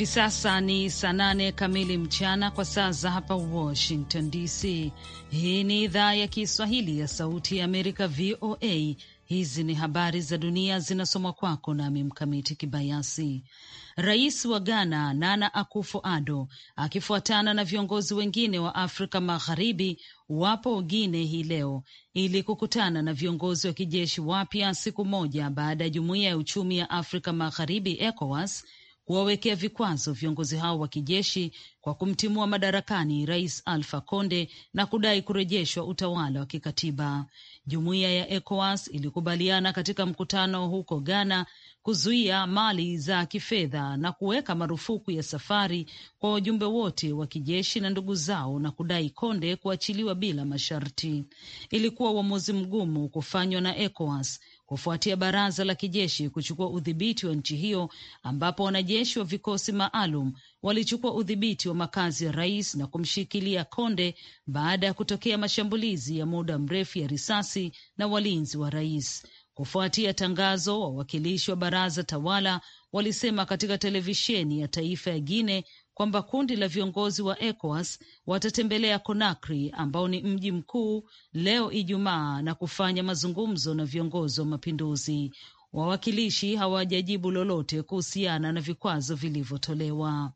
Hivi sasa ni saa nane kamili mchana kwa saa za hapa Washington DC. Hii ni idhaa ya Kiswahili ya Sauti ya Amerika, VOA. Hizi ni habari za dunia zinasomwa kwako nami Mkamiti Kibayasi. Rais wa Ghana Nana akufo ado akifuatana na viongozi wengine wa Afrika Magharibi wapo guine hii leo ili kukutana na viongozi wa kijeshi wapya siku moja baada ya Jumuiya ya Uchumi ya Afrika Magharibi ECOWAS kuwawekea vikwazo viongozi hao wa kijeshi kwa kumtimua madarakani Rais Alfa Conde na kudai kurejeshwa utawala wa kikatiba. Jumuiya ya ECOWAS ilikubaliana katika mkutano huko Ghana kuzuia mali za kifedha na kuweka marufuku ya safari kwa wajumbe wote wa kijeshi na ndugu zao na kudai Konde kuachiliwa bila masharti. Ilikuwa uamuzi mgumu kufanywa na ECOWAS kufuatia baraza la kijeshi kuchukua udhibiti wa nchi hiyo ambapo wanajeshi wa vikosi maalum walichukua udhibiti wa makazi ya rais na kumshikilia Konde baada ya kutokea mashambulizi ya muda mrefu ya risasi na walinzi wa rais. Kufuatia tangazo, wawakilishi wa baraza tawala walisema katika televisheni ya taifa ya Guine kwamba kundi la viongozi wa ECOWAS watatembelea Conakry ambao ni mji mkuu leo Ijumaa na kufanya mazungumzo na viongozi wa mapinduzi. Wawakilishi hawajajibu lolote kuhusiana na vikwazo vilivyotolewa.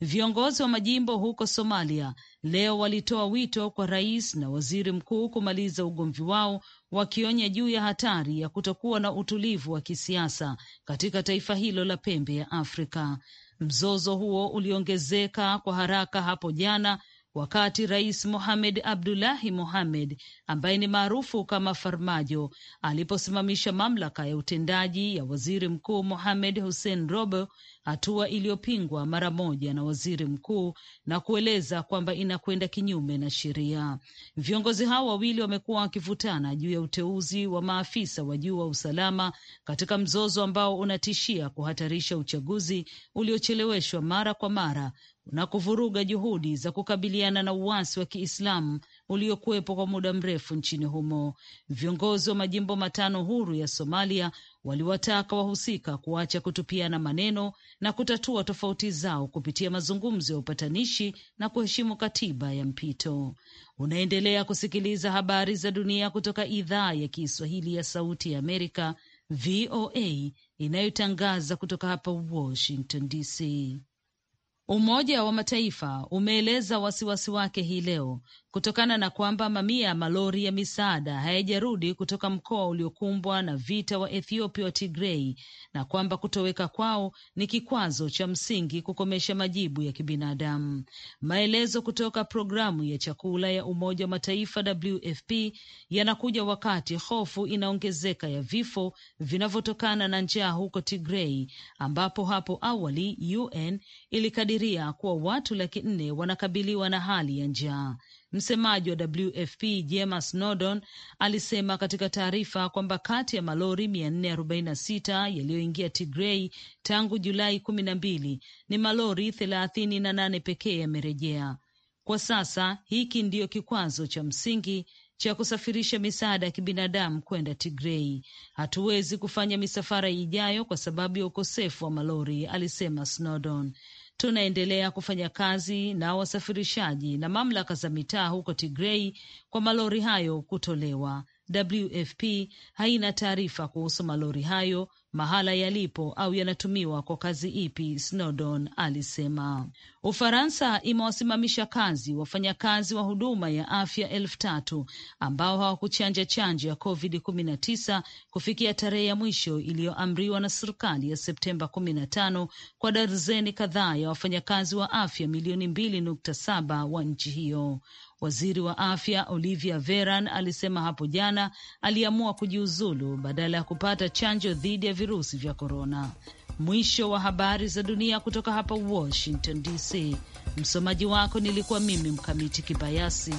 Viongozi wa majimbo huko Somalia leo walitoa wito kwa rais na waziri mkuu kumaliza ugomvi wao, wakionya juu ya hatari ya kutokuwa na utulivu wa kisiasa katika taifa hilo la pembe ya Afrika. Mzozo huo uliongezeka kwa haraka hapo jana wakati Rais Mohamed Abdullahi Mohamed ambaye ni maarufu kama Farmajo aliposimamisha mamlaka ya utendaji ya waziri mkuu Mohamed Hussein Robo, hatua iliyopingwa mara moja na waziri mkuu na kueleza kwamba inakwenda kinyume na sheria. Viongozi hao wawili wamekuwa wakivutana juu ya uteuzi wa maafisa wa juu wa usalama katika mzozo ambao unatishia kuhatarisha uchaguzi uliocheleweshwa mara kwa mara na kuvuruga juhudi za kukabiliana na uasi wa Kiislamu uliokuwepo kwa muda mrefu nchini humo. Viongozi wa majimbo matano huru ya Somalia waliwataka wahusika kuacha kutupiana maneno na kutatua tofauti zao kupitia mazungumzo ya upatanishi na kuheshimu katiba ya mpito. Unaendelea kusikiliza habari za dunia kutoka idhaa ya Kiswahili ya Sauti ya Amerika, VOA, inayotangaza kutoka hapa Washington DC. Umoja wa Mataifa umeeleza wasiwasi wake hii leo kutokana na kwamba mamia ya malori ya misaada hayajarudi kutoka mkoa uliokumbwa na vita wa Ethiopia wa Tigrei na kwamba kutoweka kwao ni kikwazo cha msingi kukomesha majibu ya kibinadamu. Maelezo kutoka programu ya chakula ya Umoja wa Mataifa WFP yanakuja wakati hofu inaongezeka ya vifo vinavyotokana na njaa huko Tigrei, ambapo hapo awali UN ilikadiria kuwa watu laki nne wanakabiliwa na hali ya njaa. Msemaji wa WFP Jema Snowdon alisema katika taarifa kwamba kati ya malori 446 yaliyoingia Tigrei tangu Julai kumi na mbili ni malori thelathini na nane pekee yamerejea. Kwa sasa hiki ndiyo kikwazo cha msingi cha kusafirisha misaada ya kibinadamu kwenda Tigrei. Hatuwezi kufanya misafara ijayo kwa sababu ya ukosefu wa malori, alisema Snowdon. Tunaendelea kufanya kazi na wasafirishaji na mamlaka za mitaa huko Tigrei kwa malori hayo kutolewa. WFP haina taarifa kuhusu malori hayo, mahala yalipo au yanatumiwa kwa kazi ipi, Snowdon alisema. Ufaransa imewasimamisha kazi wafanyakazi wa huduma ya afya elfu tatu ambao hawakuchanja chanjo ya COVID-19 kufikia tarehe ya mwisho iliyoamriwa na serikali ya Septemba 15 kwa darzeni kadhaa ya wafanyakazi wa afya milioni 2.7 wa nchi hiyo. Waziri wa afya Olivia Veran alisema hapo jana aliamua kujiuzulu badala ya kupata chanjo dhidi ya virusi vya korona. Mwisho wa habari za dunia kutoka hapa Washington DC. Msomaji wako nilikuwa mimi Mkamiti Kibayasi.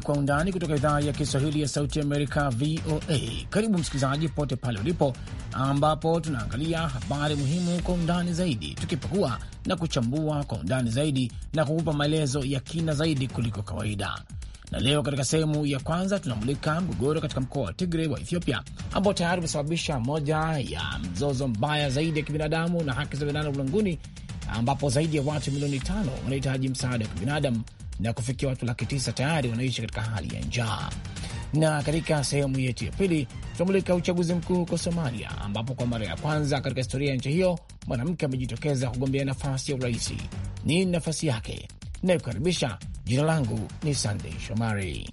Kwa Undani kutoka idhaa ya Kiswahili ya Sauti Amerika, VOA. Karibu msikilizaji, popote pale ulipo, ambapo tunaangalia habari muhimu kwa undani zaidi, tukipekua na kuchambua kwa undani zaidi na kukupa maelezo ya kina zaidi kuliko kawaida. Na leo katika sehemu ya kwanza tunamulika mgogoro katika mkoa wa Tigre wa Ethiopia, ambao tayari umesababisha moja ya mzozo mbaya zaidi ya kibinadamu na haki za binadamu ulimwenguni, ambapo zaidi ya watu milioni tano wanahitaji msaada wa kibinadamu na kufikia watu laki tisa tayari wanaishi katika hali ya njaa. Na katika sehemu yetu ya pili tunamulika uchaguzi mkuu huko Somalia, ambapo kwa mara ya kwanza katika historia ya nchi hiyo mwanamke amejitokeza kugombea nafasi ya uraisi. Nini nafasi yake? Nayekukaribisha, jina langu ni Sandey Shomari.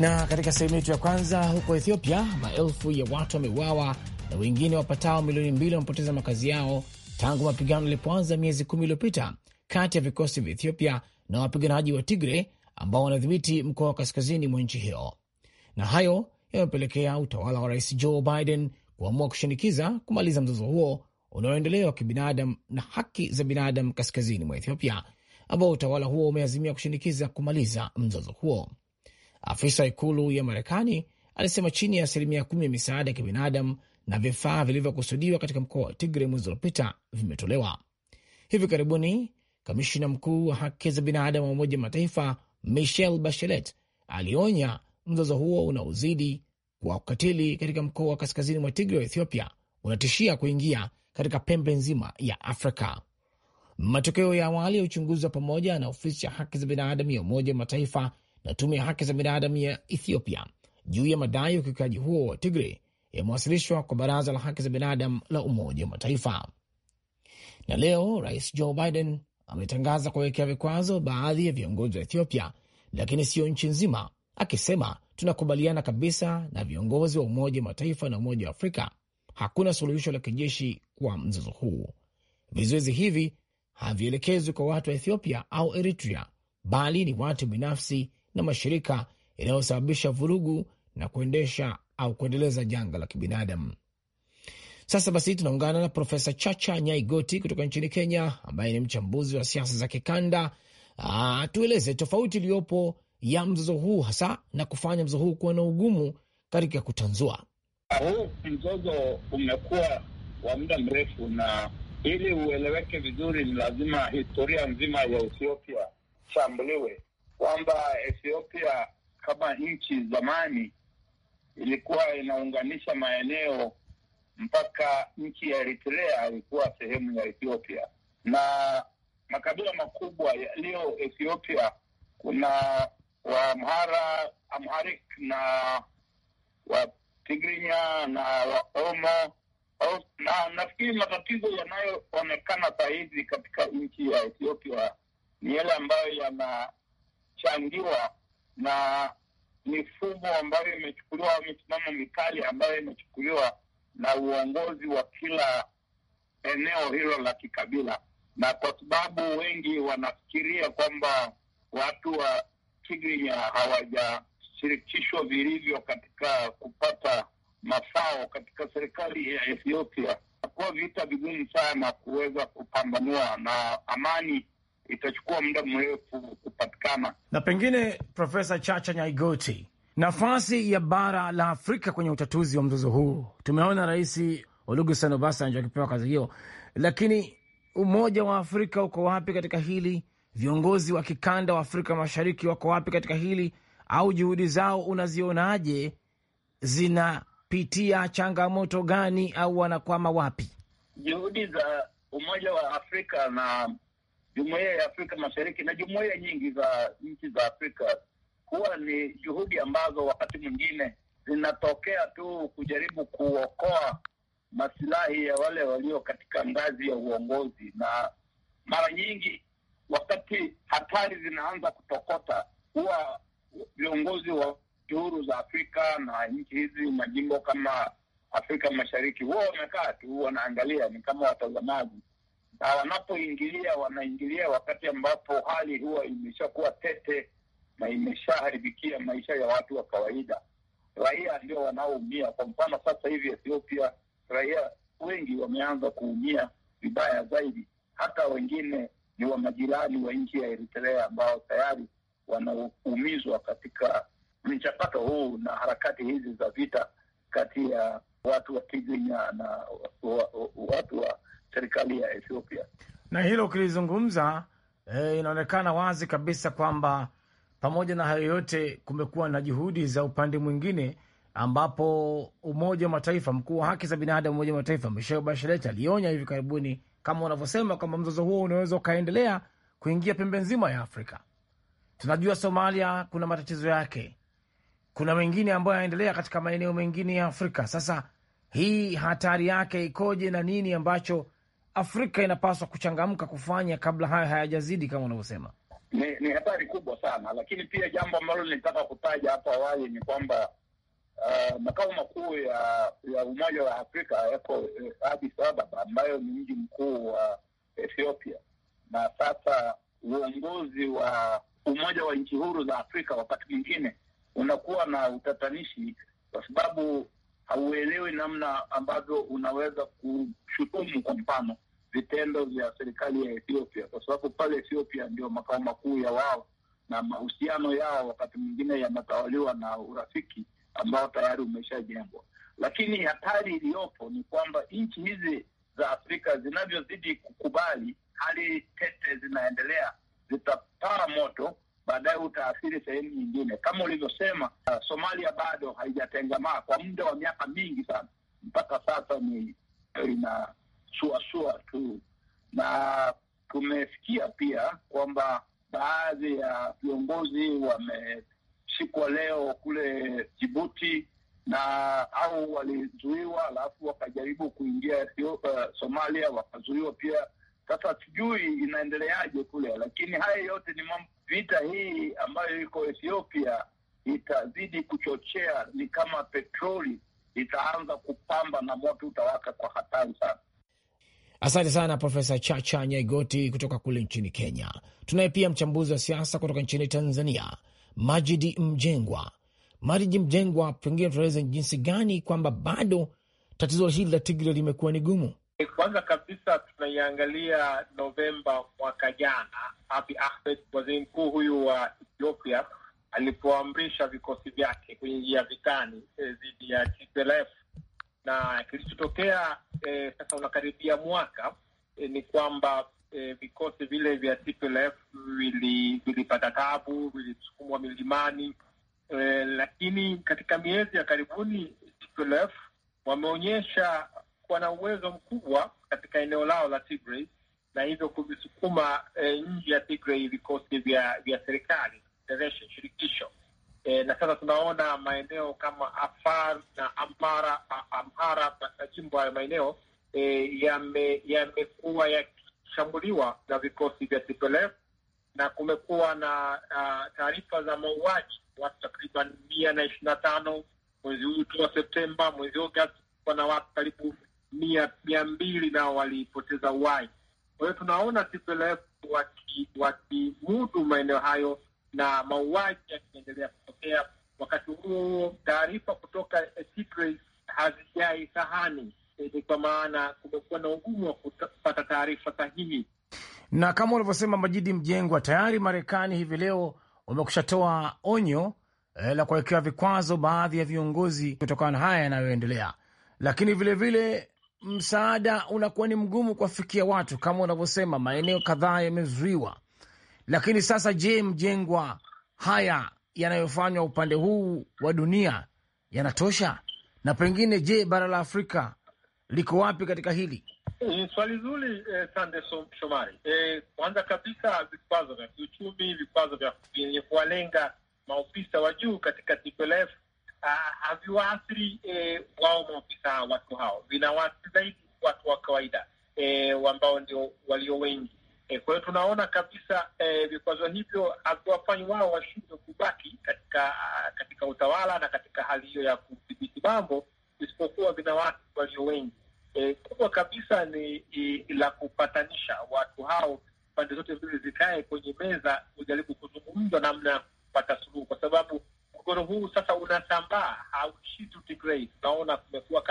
Na katika sehemu yetu ya kwanza, huko Ethiopia maelfu ya watu wameuawa na wengine wapatao milioni mbili wamepoteza makazi yao tangu mapigano yalipoanza miezi kumi iliyopita kati ya vikosi vya Ethiopia na wapiganaji wa Tigre ambao wanadhibiti mkoa wa kaskazini mwa nchi hiyo, na hayo yamepelekea utawala wa Rais Joe Biden kuamua kushinikiza kumaliza mzozo huo unaoendelea wa kibinadamu na haki za binadamu kaskazini mwa Ethiopia, ambao utawala huo umeazimia kushinikiza kumaliza mzozo huo. Afisa ikulu ya Marekani alisema chini ya asilimia kumi ya misaada ya kibinadamu na vifaa vilivyokusudiwa katika mkoa wa Tigre mwezi uliopita vimetolewa. Hivi karibuni kamishina mkuu wa haki za binadamu wa Umoja Mataifa Michelle Bachelet alionya mzozo huo unaozidi kwa ukatili katika mkoa wa kaskazini mwa Tigre wa Ethiopia unatishia kuingia katika pembe nzima ya Afrika. Matokeo ya awali ya uchunguzi wa pamoja na ofisi ya haki za binadamu ya Umoja Mataifa na tume ya haki za binadamu ya Ethiopia juu ya madai ya ukiukaji huo wa Tigre yamewasilishwa kwa baraza la haki za binadamu la Umoja wa Mataifa. Na leo Rais Joe Biden ametangaza kuwekea vikwazo baadhi ya viongozi wa Ethiopia, lakini siyo nchi nzima, akisema tunakubaliana kabisa na viongozi wa Umoja wa Mataifa na Umoja wa Afrika, hakuna suluhisho la kijeshi kwa mzozo huu. Vizuizi hivi havielekezwi kwa watu wa Ethiopia au Eritrea, bali ni watu binafsi na mashirika yanayosababisha vurugu na kuendesha au kuendeleza janga la kibinadamu. Sasa basi, tunaungana na Profesa Chacha Nyaigoti kutoka nchini Kenya, ambaye ni mchambuzi wa siasa za kikanda. Ah, tueleze tofauti iliyopo ya mzozo huu hasa na kufanya mzozo huu kuwa na ugumu katika kutanzua huu. Mzozo umekuwa wa muda mrefu, na ili ueleweke vizuri, ni lazima historia nzima ya Ethiopia chambuliwe kwamba Ethiopia kama nchi zamani ilikuwa inaunganisha maeneo mpaka nchi ya Eritrea ilikuwa sehemu ya Ethiopia, na makabila makubwa yaliyo Ethiopia kuna Waamhara, Amharik na Watigrinya na Waomo na nafikiri matatizo yanayoonekana sahizi katika nchi ya Ethiopia ni yale ambayo yana kuchangiwa na mifumo ambayo imechukuliwa au misimamo mikali ambayo imechukuliwa na uongozi wa kila eneo hilo la kikabila, na kwa sababu wengi wanafikiria kwamba watu wa Tigrinya hawajashirikishwa vilivyo katika kupata mafao katika serikali ya Ethiopia, kuwa vita vigumu sana kuweza kupambanua na amani itachukua muda mrefu kupatikana. Na pengine, Profesa Chacha Nyaigoti, nafasi ya bara la Afrika kwenye utatuzi wa mzozo huu, tumeona Rais Olusegun Obasanjo akipewa kazi hiyo, lakini Umoja wa Afrika uko wapi katika hili? Viongozi wa kikanda wa Afrika Mashariki wako wapi katika hili, au juhudi zao unazionaje? Zinapitia changamoto gani, au wanakwama wapi? Juhudi za Umoja wa Afrika na jumuiya ya Afrika Mashariki na jumuiya nyingi za nchi za Afrika huwa ni juhudi ambazo wakati mwingine zinatokea tu kujaribu kuokoa masilahi ya wale walio katika ngazi ya uongozi, na mara nyingi wakati hatari zinaanza kutokota, huwa viongozi wa huru za Afrika na nchi hizi majimbo kama Afrika Mashariki huwa wamekaa tu, wanaangalia ni kama watazamaji na ah, wanapoingilia wanaingilia wakati ambapo hali huwa imeshakuwa tete na imeshaharibikia maisha ya watu wa kawaida. Raia ndio wanaoumia. Kwa mfano sasa hivi Ethiopia, raia wengi wameanza kuumia vibaya zaidi, hata wengine ni wa majirani wa nchi ya Eritrea ambao tayari wanaumizwa katika mchakato huu na harakati hizi za vita kati ya watu wa Tigrinya na watu wa serikali ya Ethiopia. Na hilo ukilizungumza, eh, inaonekana wazi kabisa kwamba pamoja na hayo yote kumekuwa na juhudi za upande mwingine ambapo Umoja wa Mataifa, mkuu wa haki za binadamu Umoja wa Mataifa Michelle Bachelet alionya hivi karibuni, kama unavyosema, kwamba mzozo huo unaweza ukaendelea kuingia pembe nzima ya Afrika. Tunajua Somalia kuna matatizo yake, kuna mengine ambayo yanaendelea katika maeneo mengine ya Afrika. Sasa hii hatari yake ikoje na nini ambacho Afrika inapaswa kuchangamka kufanya kabla hayo hayajazidi, kama unavyosema. Ni, ni hatari kubwa sana, lakini pia jambo ambalo nilitaka kutaja hapo awali ni kwamba uh, makao makuu ya ya Umoja wa Afrika yako eh, Addis Ababa ambayo ni mji mkuu wa Ethiopia, na sasa uongozi wa Umoja wa Nchi Huru za Afrika wakati mwingine unakuwa na utatanishi kwa sababu hauelewi namna ambavyo unaweza kushutumu kwa mfano vitendo vya serikali ya Ethiopia, kwa sababu pale Ethiopia ndio makao makuu ya wao na mahusiano yao wakati mwingine yanatawaliwa na urafiki ambao tayari umeshajengwa. Lakini hatari iliyopo ni kwamba nchi hizi za Afrika zinavyozidi kukubali hali tete zinaendelea, zitapaa moto baadaye utaathiri sehemu nyingine. Kama ulivyosema, uh, Somalia bado haijatengamaa kwa muda wa miaka mingi sana, mpaka sasa ni uh, inasuasua tu, na tumesikia pia kwamba baadhi ya viongozi wameshikwa leo kule Jibuti na au walizuiwa, alafu wakajaribu kuingia uh, Somalia wakazuiwa pia sasa sijui inaendeleaje kule, lakini haya yote ni mambo. Vita hii ambayo iko Ethiopia itazidi kuchochea, ni kama petroli itaanza kupamba na moto utawaka kwa hatari sana. Asante sana Profesa Chacha Nyaigoti kutoka kule nchini Kenya. Tunaye pia mchambuzi wa siasa kutoka nchini Tanzania, Majidi Mjengwa. Majidi Mjengwa, pengine tueleze jinsi gani kwamba bado tatizo hili la Tigre limekuwa ni gumu Eh, kwanza kabisa tunaiangalia Novemba mwaka jana, Abi Ahmed, waziri mkuu huyu wa Ethiopia, alipoamrisha vikosi vyake kuingia vitani eh, dhidi ya TPLF na kilichotokea e, sasa unakaribia mwaka e, ni kwamba e, vikosi vile vya TPLF vilipata tabu, vilisukumwa milimani e, lakini katika miezi ya karibuni TPLF wameonyesha kuwa na uwezo mkubwa katika eneo lao la Tigray na hivyo kuvisukuma e, eh, nje ya Tigray vikosi vya vya serikali federation shirikisho e, na sasa tunaona maeneo kama Afar na Amhara Amhara na jimbo hayo maeneo e, yamekuwa yakishambuliwa na vikosi vya TPLF na kumekuwa na uh, taarifa za mauaji watu takriban mia na ishirini na tano mwezi huu tu wa Septemba, mwezi Agosti kuna watu karibu mia, mia mbili nao walipoteza uhai. Kwa hiyo tunaona TPLF wakimudu waki maeneo hayo na mauaji yakiendelea kutokea. Wakati huo huo, taarifa kutoka Tigray hazijai sahani, e, ni kwa maana kumekuwa na ugumu wa kupata taarifa sahihi, na kama ulivyosema Majidi Mjengwa, tayari Marekani hivi leo wamekushatoa onyo e, la kuwekewa vikwazo baadhi ya viongozi kutokana na haya yanayoendelea, lakini vilevile msaada unakuwa ni mgumu kuwafikia watu kama unavyosema, maeneo kadhaa yamezuiwa. Lakini sasa, je, Mjengwa, haya yanayofanywa upande huu wa dunia yanatosha? Na pengine, je, bara la Afrika liko wapi katika hili? Ni eh, swali zuri eh, sande Shomari. Eh, kwanza kabisa vikwazo vya kiuchumi, vikwazo vyenye kuwalenga maofisa wa juu katika TPLF Ah, haviwaathiri eh, wao maofisa watu hao, vinawaathiri zaidi watu wa kawaida e, ambao ndio walio wengi e, kwa hiyo tunaona kabisa e, vikwazo hivyo haviwafanyi wao washindwe kubaki katika katika utawala na katika hali hiyo ya kudhibiti mambo, isipokuwa vinawaathiri walio wengi. E, kubwa kabisa ni e, la kupatanisha watu hao, pande zote mbili zikae kwenye meza, kujaribu kuzungumza namna ya kupata suluhu, kwa sababu mgogoro huu sasa unasambaa, hauishi tu Tigray. Tunaona kumekuwa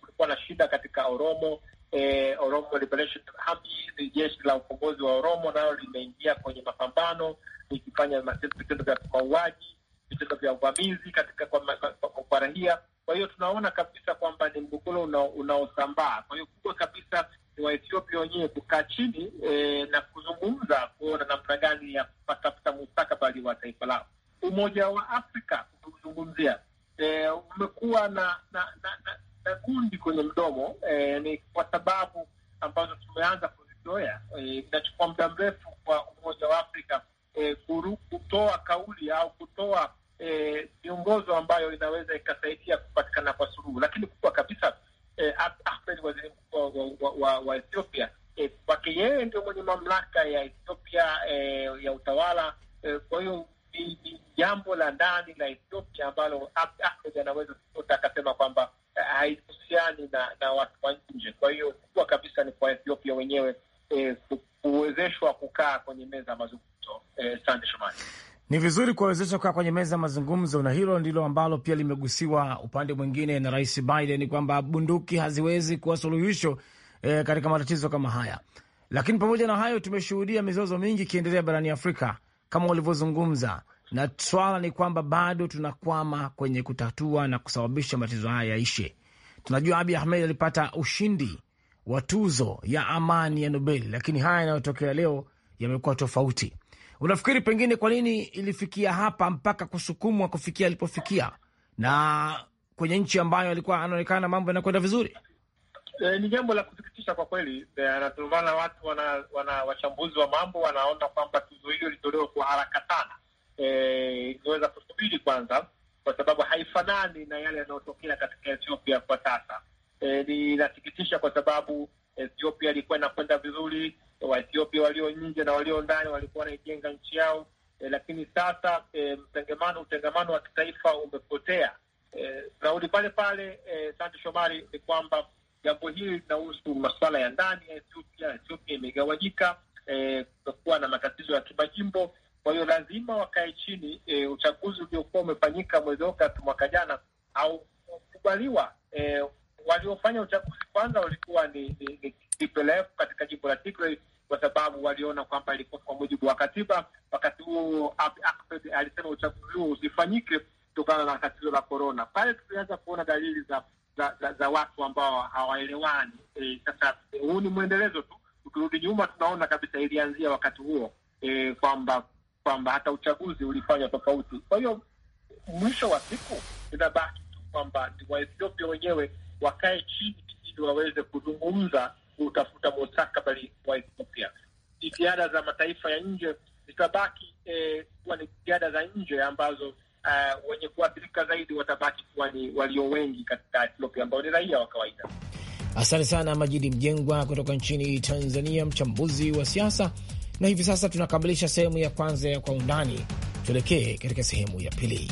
kulikuwa na shida katika Oromo, eh, Oromo Liberation Army, jeshi la ukombozi wa Oromo nalo limeingia kwenye mapambano likifanya vitendo vya mauaji, vitendo vya uvamizi katika kwa raia. Kwa hiyo tunaona kabisa kwamba ni mgogoro unaosambaa. Kwa hiyo kubwa kabisa ni Waethiopia wenyewe kukaa chini eh, na kuzungumza kuona namna gani ya kutafuta mustakabali wa taifa lao. Umoja wa Afrika ukizungumzia e, umekuwa na na, na, na na gundi kwenye mdomo e, ni kwa sababu ambazo tumeanza kuzizoea. E, inachukua e, muda mrefu kwa Umoja wa Afrika e, kutoa kauli au kutoa e, miongozo e, ambayo inaweza ikasaidia ni vizuri kuwawezesha kukaa kwenye meza ya mazungumzo, na hilo ndilo ambalo pia limegusiwa upande mwingine na Rais Biden kwamba bunduki haziwezi kuwa suluhisho e, katika matatizo kama haya. Lakini pamoja na hayo, tumeshuhudia mizozo mingi ikiendelea barani Afrika kama walivyozungumza, na swala ni kwamba bado tunakwama kwenye kutatua na kusababisha matatizo haya yaishe. Tunajua Abi Ahmed alipata ushindi wa tuzo ya amani ya Nobel, lakini haya yanayotokea leo yamekuwa tofauti. Unafikiri pengine kwa nini ilifikia hapa mpaka kusukumwa kufikia alipofikia na kwenye nchi ambayo alikuwa anaonekana mambo yanakwenda vizuri? E, ni jambo la kusikitisha kwa kweli. E, eh, maana watu wana, wana wachambuzi wa mambo wanaona kwamba tuzo hilo lilitolewa kwa haraka sana. Eh, ingeweza kusubiri kwanza, kwa sababu haifanani na yale yanayotokea katika Ethiopia kwa sasa. E, linasikitisha kwa sababu Ethiopia ilikuwa inakwenda vizuri Waethiopia walio nje na walio ndani walikuwa wanaijenga nchi yao e, lakini sasa e, eh, mtengemano utengamano wa kitaifa umepotea. E, eh, tunarudi pale pale e, Sante Shomari, ni kwamba jambo hili linahusu masuala ya ndani ya Ethiopia. Ethiopia imegawanyika, e, e, na matatizo ya kimajimbo, kwa hiyo lazima wakae chini e, uchaguzi uliokuwa umefanyika mwezi Agosti mwaka jana au e, waliofanya uchaguzi kwanza walikuwa ni, ni, ni TPLF katika jimbo la Tigray kwa sababu waliona kwamba ilikuwa kwa mujibu wa katiba. Wakati huo alisema uchaguzi huo usifanyike kutokana na tatizo la korona. Pale tulianza kuona dalili za za, za, za watu ambao hawaelewani. E, sasa e, huu ni mwendelezo tu. Ukirudi nyuma, tunaona kabisa ilianzia wakati huo e, kwamba kwamba hata uchaguzi ulifanywa tofauti. Kwa hiyo mwisho wa siku inabaki tu kwamba Waethiopia wenyewe wakae chini ili waweze kuzungumza kutafuta mustakabali wa Ethiopia. Jitihada za mataifa ya nje zitabaki eh, ni jitihada za nje ambazo uh, wenye kuathirika zaidi watabaki kuwa ni walio wengi katika Ethiopia ambao ni raia wa kawaida. Asante sana Majidi Mjengwa kutoka nchini Tanzania, mchambuzi wa siasa. Na hivi sasa tunakamilisha sehemu ya kwanza ya Kwa Undani, tuelekee katika sehemu ya pili.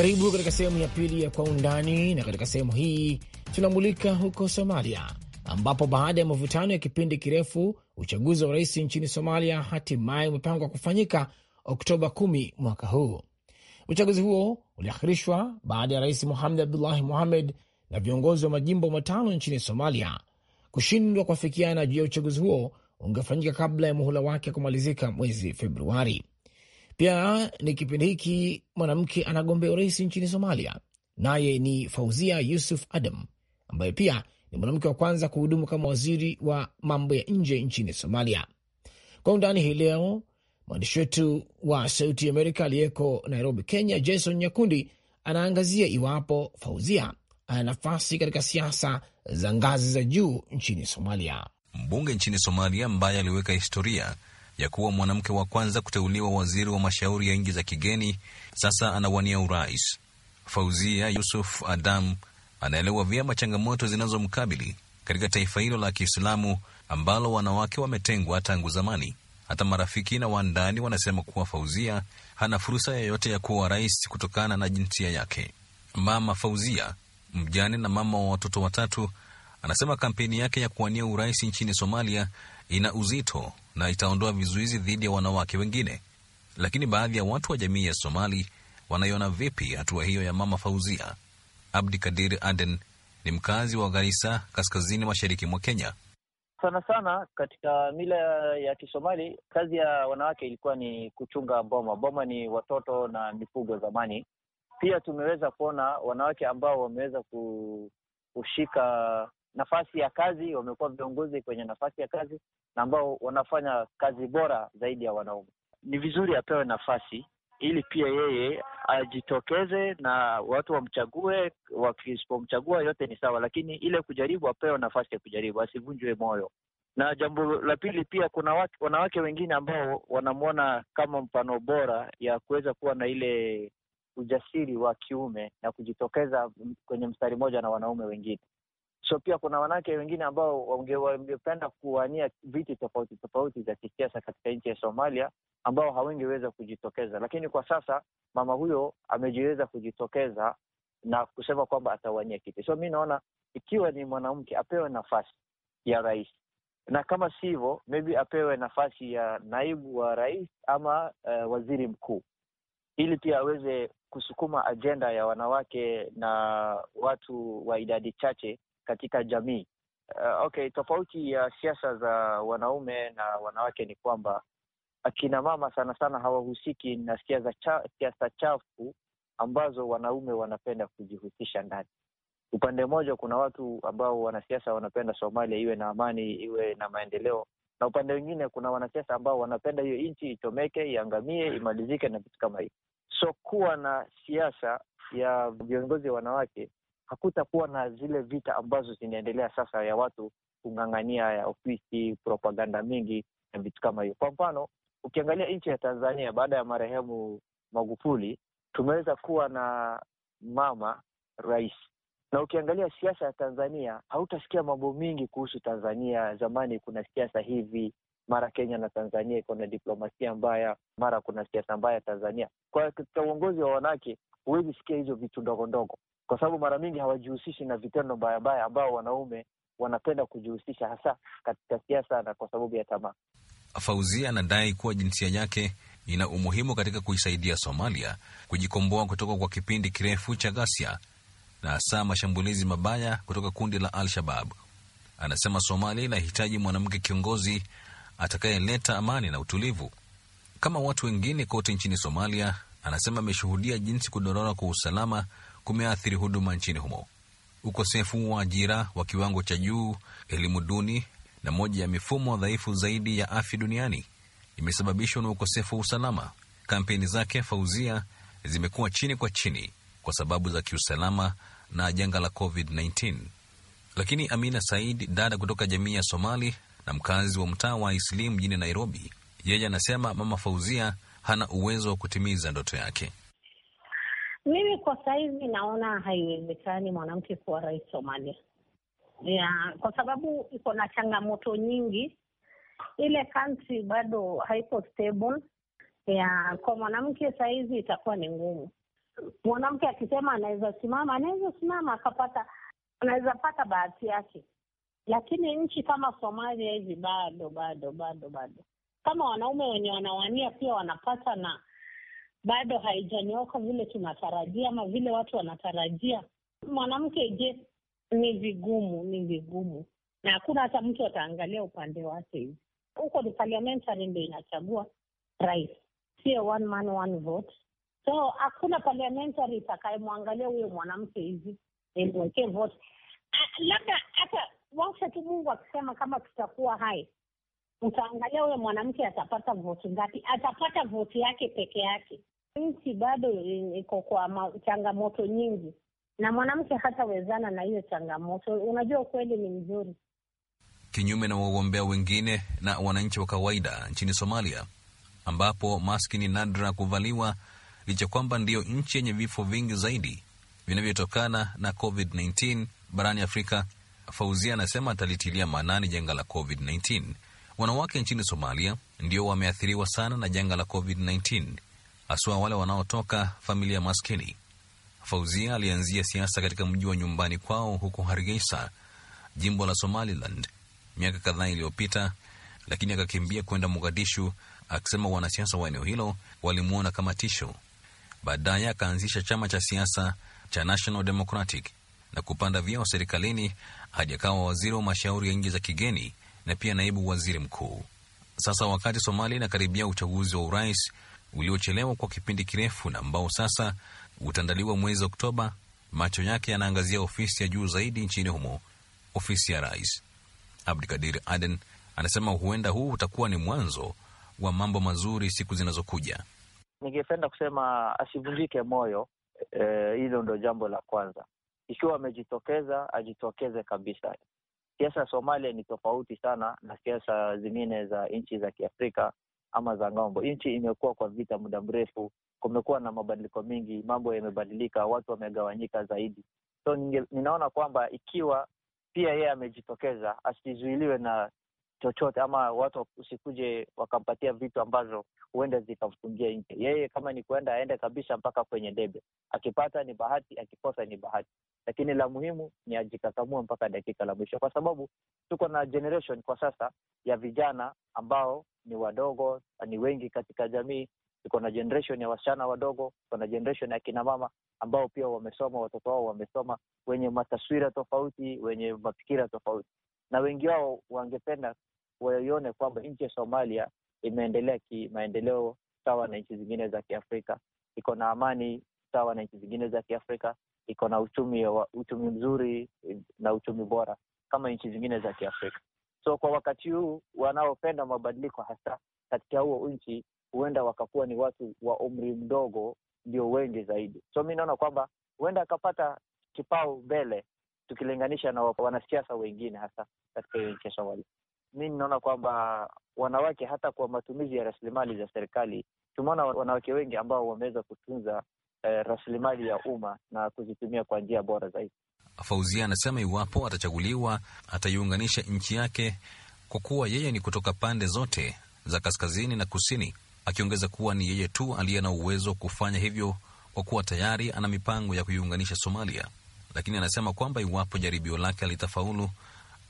Karibu katika sehemu ya pili ya Kwa Undani, na katika sehemu hii tunamulika huko Somalia, ambapo baada ya mivutano ya kipindi kirefu uchaguzi wa rais nchini Somalia hatimaye umepangwa kufanyika Oktoba 10 mwaka huu. Uchaguzi huo uliahirishwa baada ya rais Mohamed Abdullahi Mohamed na viongozi wa majimbo matano nchini Somalia kushindwa kuafikiana juu ya uchaguzi huo ungefanyika kabla ya muhula wake kumalizika mwezi Februari. Pia ni kipindi hiki mwanamke anagombea urais nchini Somalia, naye ni Fauzia Yusuf Adam ambaye pia ni mwanamke wa kwanza kuhudumu kama waziri wa mambo ya nje nchini Somalia. Kwa undani hii leo, mwandishi wetu wa Sauti Amerika aliyeko Nairobi, Kenya, Jason Nyakundi anaangazia iwapo Fauzia ana nafasi katika siasa za ngazi za juu nchini Somalia. Mbunge nchini Somalia ambaye aliweka historia ya kuwa mwanamke wa kwanza kuteuliwa waziri wa mashauri ya nchi za kigeni, sasa anawania urais. Fauzia Yusuf Adam anaelewa vyema changamoto zinazomkabili katika taifa hilo la Kiislamu ambalo wanawake wametengwa tangu zamani. Hata marafiki na wandani wanasema kuwa Fauzia hana fursa yoyote ya kuwa rais kutokana na jinsia yake. Mama Fauzia, mjane na mama wa watoto watatu, anasema kampeni yake ya kuwania urais nchini Somalia ina uzito na itaondoa vizuizi dhidi ya wanawake wengine. Lakini baadhi ya watu wa jamii ya Somali wanaiona vipi hatua hiyo ya mama Fauzia? Abdi Kadir Aden ni mkazi wa Garisa, kaskazini mashariki mwa Kenya. Sana sana katika mila ya Kisomali, kazi ya wanawake ilikuwa ni kuchunga boma. Boma ni watoto na mifugo zamani. Pia tumeweza kuona wanawake ambao wameweza kushika nafasi ya kazi, wamekuwa viongozi kwenye nafasi ya kazi na ambao wanafanya kazi bora zaidi ya wanaume. Ni vizuri apewe nafasi ili pia yeye ajitokeze na watu wamchague. Wakisipomchagua yote ni sawa, lakini ile kujaribu, apewe nafasi ya kujaribu, asivunjwe moyo. Na jambo la pili pia, kuna wanawake wengine ambao wanamwona kama mfano bora ya kuweza kuwa na ile ujasiri wa kiume na kujitokeza kwenye mstari mmoja na wanaume wengine. So pia kuna wanawake wengine ambao wangependa kuwania viti tofauti tofauti za kisiasa katika nchi ya Somalia ambao hawengeweza kujitokeza, lakini kwa sasa mama huyo amejiweza kujitokeza na kusema kwamba atawania kiti. So mi naona ikiwa ni mwanamke apewe nafasi ya rais, na kama si hivyo, maybe apewe nafasi ya naibu wa rais ama uh, waziri mkuu, ili pia aweze kusukuma ajenda ya wanawake na watu wa idadi chache katika jamii. Uh, okay, tofauti ya siasa za wanaume na wanawake ni kwamba akina mama sana sana hawahusiki na siasa cha, siasa chafu ambazo wanaume wanapenda kujihusisha ndani. Upande mmoja kuna watu ambao wanasiasa wanapenda Somalia iwe na amani, iwe na maendeleo, na upande mwingine kuna wanasiasa ambao wanapenda hiyo nchi ichomeke, iangamie, hmm. imalizike na vitu kama hivi. So kuwa na siasa ya viongozi wanawake hakutakuwa na zile vita ambazo zinaendelea sasa ya watu kung'ang'ania ya ofisi, propaganda mingi na vitu kama hiyo. Kwa mfano, ukiangalia nchi ya Tanzania baada ya marehemu Magufuli, tumeweza kuwa na mama rais na ukiangalia siasa ya Tanzania hautasikia mambo mingi kuhusu Tanzania. Zamani kuna siasa hivi, mara Kenya na Tanzania iko na diplomasia mbaya, mara kuna siasa mbaya Tanzania. Kwa katika uongozi wa wanawake huwezi sikia hizo vitu ndogo ndogo, kwa sababu mara mingi hawajihusishi na vitendo mbaya ambao wanaume wanapenda kujihusisha hasa katika siasa na kwa sababu ya tamaa. Fauzia anadai kuwa jinsia yake ina umuhimu katika kuisaidia Somalia kujikomboa kutoka kwa kipindi kirefu cha ghasia na hasa mashambulizi mabaya kutoka kundi la Al-Shabab. Anasema Somalia inahitaji mwanamke kiongozi atakayeleta amani na utulivu kama watu wengine kote nchini Somalia. Anasema ameshuhudia jinsi kudorora kwa usalama kumeathiri huduma nchini humo. Ukosefu wa ajira wa kiwango cha juu, elimu duni na moja ya mifumo dhaifu zaidi ya afya duniani imesababishwa na ukosefu wa usalama. Kampeni zake Fauzia zimekuwa chini kwa chini kwa sababu za kiusalama na janga la COVID-19. Lakini Amina Said, dada kutoka jamii ya Somali na mkazi wa mtaa wa Islimu mjini Nairobi, yeye anasema Mama Fauzia hana uwezo wa kutimiza ndoto yake. Mimi kwa sahizi naona haiwezekani mwanamke kuwa rais Somalia ya, kwa sababu iko na changamoto nyingi. Ile kanti bado haiko stable ya, kwa mwanamke sahizi itakuwa ni ngumu. Mwanamke akisema anaweza simama, anaweza simama akapata, anaweza pata bahati yake, lakini nchi kama Somalia hivi bado bado bado bado, kama wanaume wenye wanawania pia wanapata na bado haijanyoka vile tunatarajia ama vile watu wanatarajia. Mwanamke, je, ni vigumu, ni vigumu, na hakuna hata mtu ataangalia upande wake hivi. Huko ni parliamentary ndio inachagua rais, sio one man one vote. So hakuna parliamentary itakayemwangalia huyo mwanamke hivi imwekee vote, ah, labda hata wacha tu Mungu akisema kama tutakuwa hai utaangalia huyo mwanamke atapata voti ngapi? Atapata voti yake peke yake, nchi bado iko kwa changamoto nyingi, na mwanamke hata wezana na hiyo changamoto. Unajua, ukweli ni mzuri. Kinyume na wagombea wengine na wananchi wa kawaida nchini Somalia, ambapo maski ni nadra kuvaliwa, licha kwamba ndiyo nchi yenye vifo vingi zaidi vinavyotokana na COVID-19 barani Afrika. Fauzia anasema atalitilia maanani janga la COVID-19. Wanawake nchini Somalia ndio wameathiriwa sana na janga la COVID-19 haswa wale wanaotoka familia maskini. Fauzia alianzia siasa katika mji wa nyumbani kwao huko Hargeisa, jimbo la Somaliland, miaka kadhaa iliyopita, lakini akakimbia kwenda Mogadishu akisema wanasiasa wa eneo hilo walimwona kama tisho. Baadaye akaanzisha chama cha siasa cha National Democratic na kupanda vyeo serikalini hadi akawa waziri wa mashauri ya nji za kigeni na pia naibu waziri mkuu. Sasa wakati Somalia inakaribia uchaguzi wa urais uliochelewa kwa kipindi kirefu na ambao sasa utaandaliwa mwezi Oktoba, macho yake yanaangazia ofisi ya juu zaidi nchini humo, ofisi ya rais. Abdikadir Aden anasema huenda huu utakuwa ni mwanzo wa mambo mazuri siku zinazokuja. Ningependa kusema asivunjike moyo, e, hilo e, ndo jambo la kwanza. Ikiwa amejitokeza ajitokeze kabisa. Siasa ya Somalia ni tofauti sana na siasa zingine za nchi za Kiafrika ama za ng'ambo. Nchi imekuwa kwa vita muda mrefu, kumekuwa na mabadiliko mengi, mambo yamebadilika, watu wamegawanyika zaidi. So ninge, ninaona kwamba ikiwa pia yeye amejitokeza asizuiliwe na chochote ama watu usikuje wakampatia vitu ambazo huenda zikamfungia nje. Yeye kama ni kuenda aende kabisa mpaka kwenye debe, akipata ni bahati, akikosa ni bahati, lakini la muhimu ni ajikakamua mpaka dakika la mwisho, kwa sababu tuko na generation kwa sasa ya vijana ambao ni wadogo, ni wengi katika jamii. Tuko na generation ya wasichana wadogo, tuko na generation ya kinamama ambao pia wamesoma, watoto wao wamesoma, wenye mataswira tofauti, wenye mafikira tofauti na wengi wao wangependa waione kwamba nchi ya Somalia imeendelea kimaendeleo sawa na nchi zingine za Kiafrika, iko na amani sawa na nchi zingine za Kiafrika, iko na uchumi wa, uchumi mzuri na uchumi bora kama nchi zingine za Kiafrika. So kwa wakati huu wanaopenda mabadiliko hasa katika huo nchi huenda wakakuwa ni watu wa umri mdogo ndio wengi zaidi. So mi naona kwamba huenda akapata kipao mbele tukilinganisha na wanasiasa wengine hasa katika hiyo nchi ya Somalia mi ninaona kwamba wanawake hata kwa matumizi ya rasilimali za serikali tumeona wanawake wengi ambao wameweza kutunza eh, rasilimali ya umma na kuzitumia kwa njia bora zaidi. Fauzia anasema iwapo atachaguliwa ataiunganisha nchi yake kwa kuwa yeye ni kutoka pande zote za kaskazini na kusini, akiongeza kuwa ni yeye tu aliye na uwezo wa kufanya hivyo kwa kuwa tayari ana mipango ya kuiunganisha Somalia, lakini anasema kwamba iwapo jaribio lake alitafaulu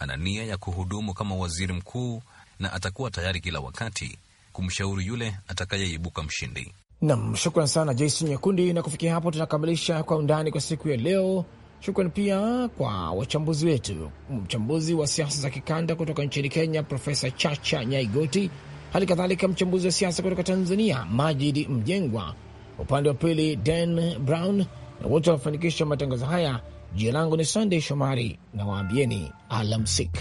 ana nia ya kuhudumu kama waziri mkuu na atakuwa tayari kila wakati kumshauri yule atakayeibuka mshindi. Nam, shukran sana Jason Nyakundi. Na kufikia hapo tunakamilisha Kwa Undani kwa siku ya leo. Shukran pia kwa wachambuzi wetu, mchambuzi wa siasa za kikanda kutoka nchini Kenya Profesa Chacha Nyaigoti, hali kadhalika mchambuzi wa siasa kutoka Tanzania Majid Mjengwa, upande wa pili Dan Brown na wote wanafanikisha matangazo haya. Jina langu ni Sandey Shomari na waambieni alamsik.